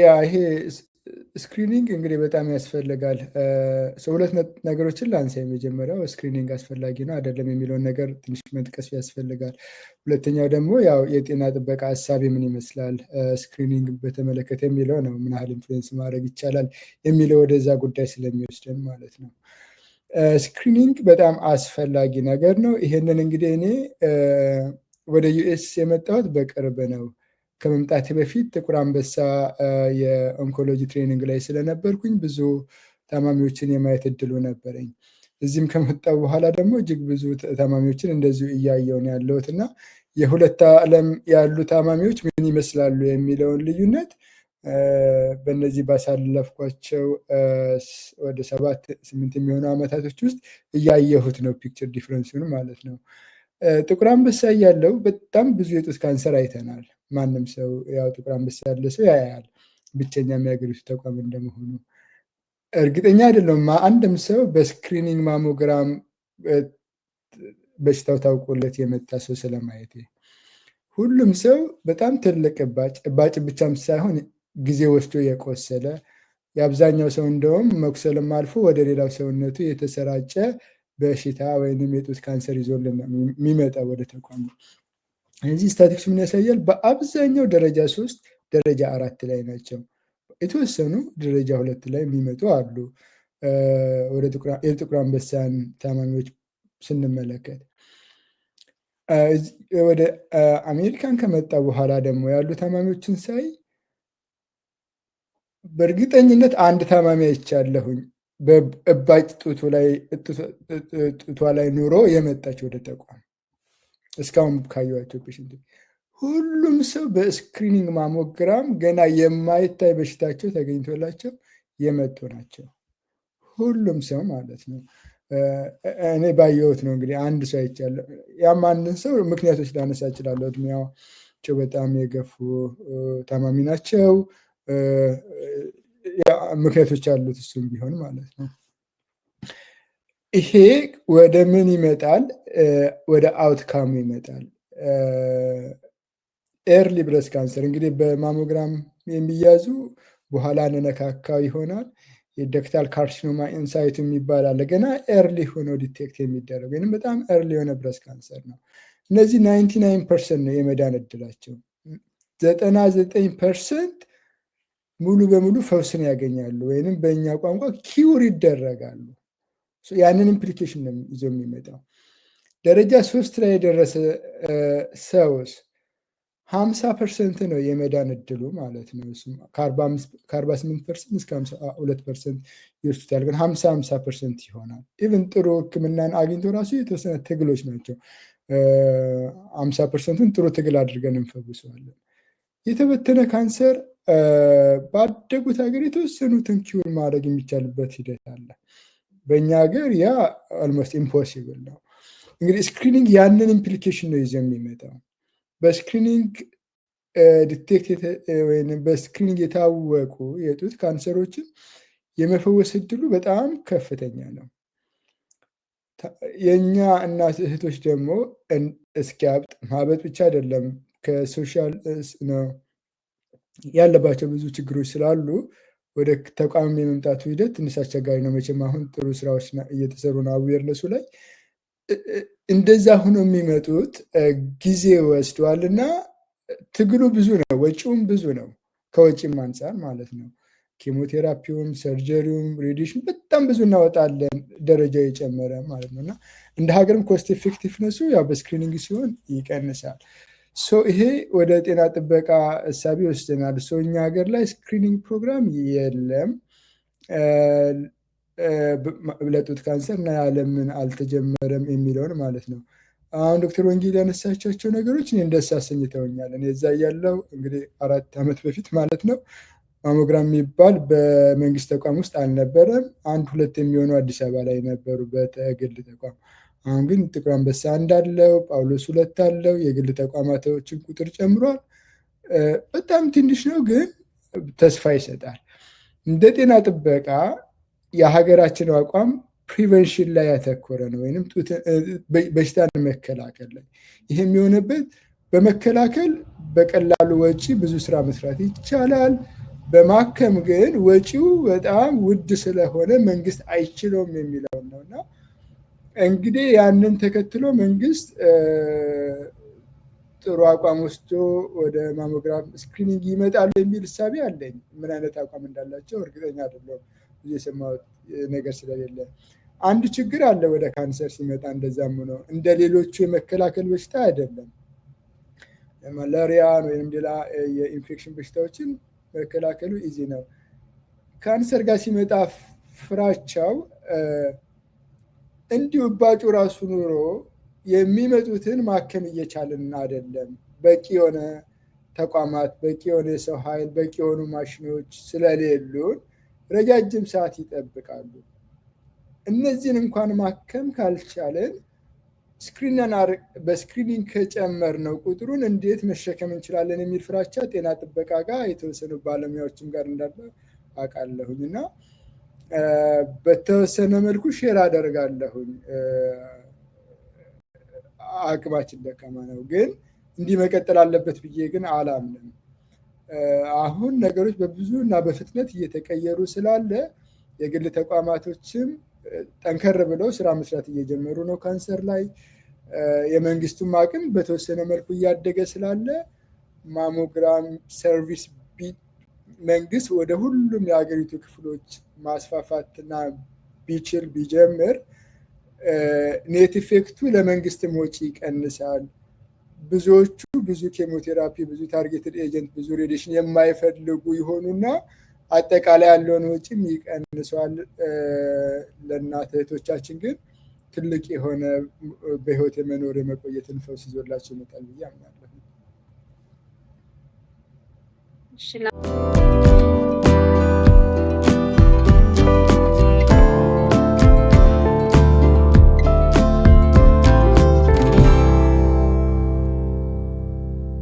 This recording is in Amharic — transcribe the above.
ያ ይሄ ስክሪኒንግ እንግዲህ በጣም ያስፈልጋል። ሁለት ነገሮችን ላንሳ። የመጀመሪያው ስክሪኒንግ አስፈላጊ ነው አይደለም የሚለውን ነገር ትንሽ መጥቀስ ያስፈልጋል። ሁለተኛው ደግሞ ያው የጤና ጥበቃ ሀሳቤ ምን ይመስላል ስክሪኒንግ በተመለከተ የሚለው ነው። ምን ያህል ኢንፍሉዌንስ ማድረግ ይቻላል የሚለው ወደዛ ጉዳይ ስለሚወስደን ማለት ነው። ስክሪኒንግ በጣም አስፈላጊ ነገር ነው። ይሄንን እንግዲህ እኔ ወደ ዩኤስ የመጣሁት በቅርብ ነው። ከመምጣቴ በፊት ጥቁር አንበሳ የኦንኮሎጂ ትሬኒንግ ላይ ስለነበርኩኝ ብዙ ታማሚዎችን የማየት እድሉ ነበረኝ። እዚህም ከመጣው በኋላ ደግሞ እጅግ ብዙ ታማሚዎችን እንደዚሁ እያየውን ነው ያለሁት እና የሁለት ዓለም ያሉ ታማሚዎች ምን ይመስላሉ የሚለውን ልዩነት በእነዚህ ባሳለፍኳቸው ወደ ሰባት ስምንት የሚሆኑ ዓመታቶች ውስጥ እያየሁት ነው ፒክቸር ዲፍረንሱን ማለት ነው። ጥቁር አንበሳ እያለው በጣም ብዙ የጡት ካንሰር አይተናል። ማንም ሰው ያው ጥቁር አንበሳ ያለ ሰው ያያል። ብቸኛ የሀገሪቱ ተቋም እንደመሆኑ እርግጠኛ አይደለም አንድም ሰው በስክሪኒንግ ማሞግራም በሽታው ታውቆለት የመጣ ሰው ስለማየቴ ሁሉም ሰው በጣም ትልቅ እባጭ እባጭ ብቻም ሳይሆን ጊዜ ወስዶ የቆሰለ የአብዛኛው ሰው እንደውም መኩሰልም አልፎ ወደ ሌላው ሰውነቱ የተሰራጨ በሽታ ወይም የጡት ካንሰር ይዞ የሚመጣ ወደ ተቋሙ። እዚህ ስታቲክሱ ምን ያሳያል? በአብዛኛው ደረጃ ሶስት ደረጃ አራት ላይ ናቸው። የተወሰኑ ደረጃ ሁለት ላይ የሚመጡ አሉ። ወደ የጥቁር አንበሳን ታማሚዎች ስንመለከት ወደ አሜሪካን ከመጣ በኋላ ደግሞ ያሉ ታማሚዎችን ሳይ በእርግጠኝነት አንድ ታማሚ አይቻለሁኝ በእባጭ ጡቷ ላይ ኑሮ የመጣች ወደ ተቋም እስካሁን ካየኋቸው ፔሽንቶች ሁሉም ሰው በስክሪኒንግ ማሞግራም ገና የማይታይ በሽታቸው ተገኝቶላቸው የመጡ ናቸው። ሁሉም ሰው ማለት ነው። እኔ ባየሁት ነው እንግዲህ አንድ ሰው አይቻለሁ። ያም አንድን ሰው ምክንያቶች ላነሳ እችላለሁ። እድሜያቸው በጣም የገፉ ታማሚ ናቸው። ምክንያቶች አሉት። እሱም ቢሆን ማለት ነው። ይሄ ወደ ምን ይመጣል? ወደ አውትካሙ ይመጣል። ኤርሊ ብረስ ካንሰር እንግዲህ በማሞግራም የሚያዙ በኋላ ነነካካ ይሆናል። የደክታል ካርሲኖማ ኢንሳይት የሚባል አለ። ገና ኤርሊ ሆኖ ዲቴክት የሚደረግ ወይም በጣም ኤርሊ የሆነ ብረስ ካንሰር ነው። እነዚህ ናይንቲ ናይን ፐርሰንት ነው የመዳን እድላቸው። ዘጠና ዘጠኝ ፐርሰንት ሙሉ በሙሉ ፈውስን ያገኛሉ ወይንም በእኛ ቋንቋ ኪውር ይደረጋሉ። ያንን ኢምፕሊኬሽን ይዞ የሚመጣው ደረጃ ሶስት ላይ የደረሰ ሰውስ ሀምሳ ፐርሰንት ነው የመዳን እድሉ ማለት ነው። ከአርባ ስምንት ፐርሰንት እስከ ሀምሳ ሁለት ፐርሰንት ይወስዱታል። ግን ሀምሳ ሀምሳ ፐርሰንት ይሆናል። ኢቨን ጥሩ ህክምናን አግኝቶ ራሱ የተወሰነ ትግሎች ናቸው። ሀምሳ ፐርሰንቱን ጥሩ ትግል አድርገን እንፈውሰዋለን። የተበተነ ካንሰር ባደጉት ሀገር የተወሰኑትን ኪውር ማድረግ የሚቻልበት ሂደት አለ። በእኛ ሀገር ያ አልሞስት ኢምፖሲብል ነው። እንግዲህ ስክሪኒንግ ያንን ኢምፕሊኬሽን ነው ይዘ የሚመጣው። በስክሪኒንግ ዲቴክት በስክሪኒንግ የታወቁ የጡት ካንሰሮችን የመፈወስ እድሉ በጣም ከፍተኛ ነው። የእኛ እናት እህቶች ደግሞ እስኪያብጥ ማበጥ ብቻ አይደለም ከሶሻል ነው ያለባቸው ብዙ ችግሮች ስላሉ ወደ ተቋም የመምጣቱ ሂደት ትንሽ አስቸጋሪ ነው። መቼም አሁን ጥሩ ስራዎች እየተሰሩ ነው አዌርነሱ ላይ እንደዛ ሆኖ የሚመጡት ጊዜ ወስደዋል እና ትግሉ ብዙ ነው፣ ወጪውም ብዙ ነው። ከወጪም አንጻር ማለት ነው። ኬሞቴራፒውም፣ ሰርጀሪውም፣ ሬዲሽን በጣም ብዙ እናወጣለን ደረጃ የጨመረ ማለት ነው እና እንደ ሀገርም ኮስት ኤፌክቲቭነሱ ያው በስክሪኒንግ ሲሆን ይቀንሳል። ይሄ ወደ ጤና ጥበቃ እሳቢ ይወስደናል። ሰው እኛ ሀገር ላይ ስክሪኒንግ ፕሮግራም የለም። ለጡት ካንሰር እና ያለምን አልተጀመረም የሚለውን ማለት ነው። አሁን ዶክተር ወንጌል ያነሳቻቸው ነገሮች እኔ እንደስ አሰኝተውኛል። እኔ እዛ ያለው እንግዲህ አራት ዓመት በፊት ማለት ነው ማሞግራም የሚባል በመንግስት ተቋም ውስጥ አልነበረም። አንድ ሁለት የሚሆኑ አዲስ አበባ ላይ ነበሩ በተግል ተቋም አሁን ግን ጥቁር አንበሳ አንድ አለው፣ ጳውሎስ ሁለት አለው። የግል ተቋማቶችን ቁጥር ጨምሯል። በጣም ትንሽ ነው፣ ግን ተስፋ ይሰጣል። እንደ ጤና ጥበቃ የሀገራችን አቋም ፕሪቨንሽን ላይ ያተኮረ ነው፣ ወይም በሽታን መከላከል ላይ። ይህ የሚሆንበት በመከላከል በቀላሉ ወጪ ብዙ ስራ መስራት ይቻላል። በማከም ግን ወጪው በጣም ውድ ስለሆነ መንግስት አይችለውም የሚለውን ነውና እንግዲህ ያንን ተከትሎ መንግስት ጥሩ አቋም ወስዶ ወደ ማሞግራፍ ስክሪኒንግ ይመጣሉ የሚል እሳቤ አለኝ። ምን አይነት አቋም እንዳላቸው እርግጠኛ አይደለሁም፣ የሰማሁት ነገር ስለሌለ። አንድ ችግር አለ ወደ ካንሰር ሲመጣ። እንደዛም ነው እንደ ሌሎቹ የመከላከል በሽታ አይደለም። ማላሪያን ወይም ሌላ የኢንፌክሽን በሽታዎችን መከላከሉ ኢዚ ነው። ካንሰር ጋር ሲመጣ ፍራቻው እንዲሁ እባጩ ራሱ ኑሮ የሚመጡትን ማከም እየቻልን አይደለም። በቂ የሆነ ተቋማት፣ በቂ የሆነ የሰው ኃይል፣ በቂ የሆኑ ማሽኖች ስለሌሉን ረጃጅም ሰዓት ይጠብቃሉ። እነዚህን እንኳን ማከም ካልቻለን በስክሪኒንግ ከጨመር ነው ቁጥሩን እንዴት መሸከም እንችላለን የሚል ፍራቻ ጤና ጥበቃ ጋር የተወሰኑ ባለሙያዎችም ጋር እንዳለ አውቃለሁኝ እና በተወሰነ መልኩ ሼር አደርጋለሁኝ። አቅማችን ደካማ ነው፣ ግን እንዲህ መቀጠል አለበት ብዬ ግን አላምንም። አሁን ነገሮች በብዙ እና በፍጥነት እየተቀየሩ ስላለ የግል ተቋማቶችም ጠንከር ብለው ስራ መስራት እየጀመሩ ነው ካንሰር ላይ። የመንግስቱም አቅም በተወሰነ መልኩ እያደገ ስላለ ማሞግራም ሰርቪስ መንግስት ወደ ሁሉም የሀገሪቱ ክፍሎች ማስፋፋትና ቢችል ቢጀምር ኔት ኢፌክቱ ለመንግስትም ወጪ ይቀንሳል። ብዙዎቹ ብዙ ኬሞቴራፒ፣ ብዙ ታርጌትድ ኤጀንት፣ ብዙ ሬዲሽን የማይፈልጉ ይሆኑና አጠቃላይ ያለውን ወጪም ይቀንሷል። ለእናት እህቶቻችን ግን ትልቅ የሆነ በህይወት የመኖር የመቆየትን ፈውስ ይዞላቸው ይመጣል ብዬ አምናለሁ።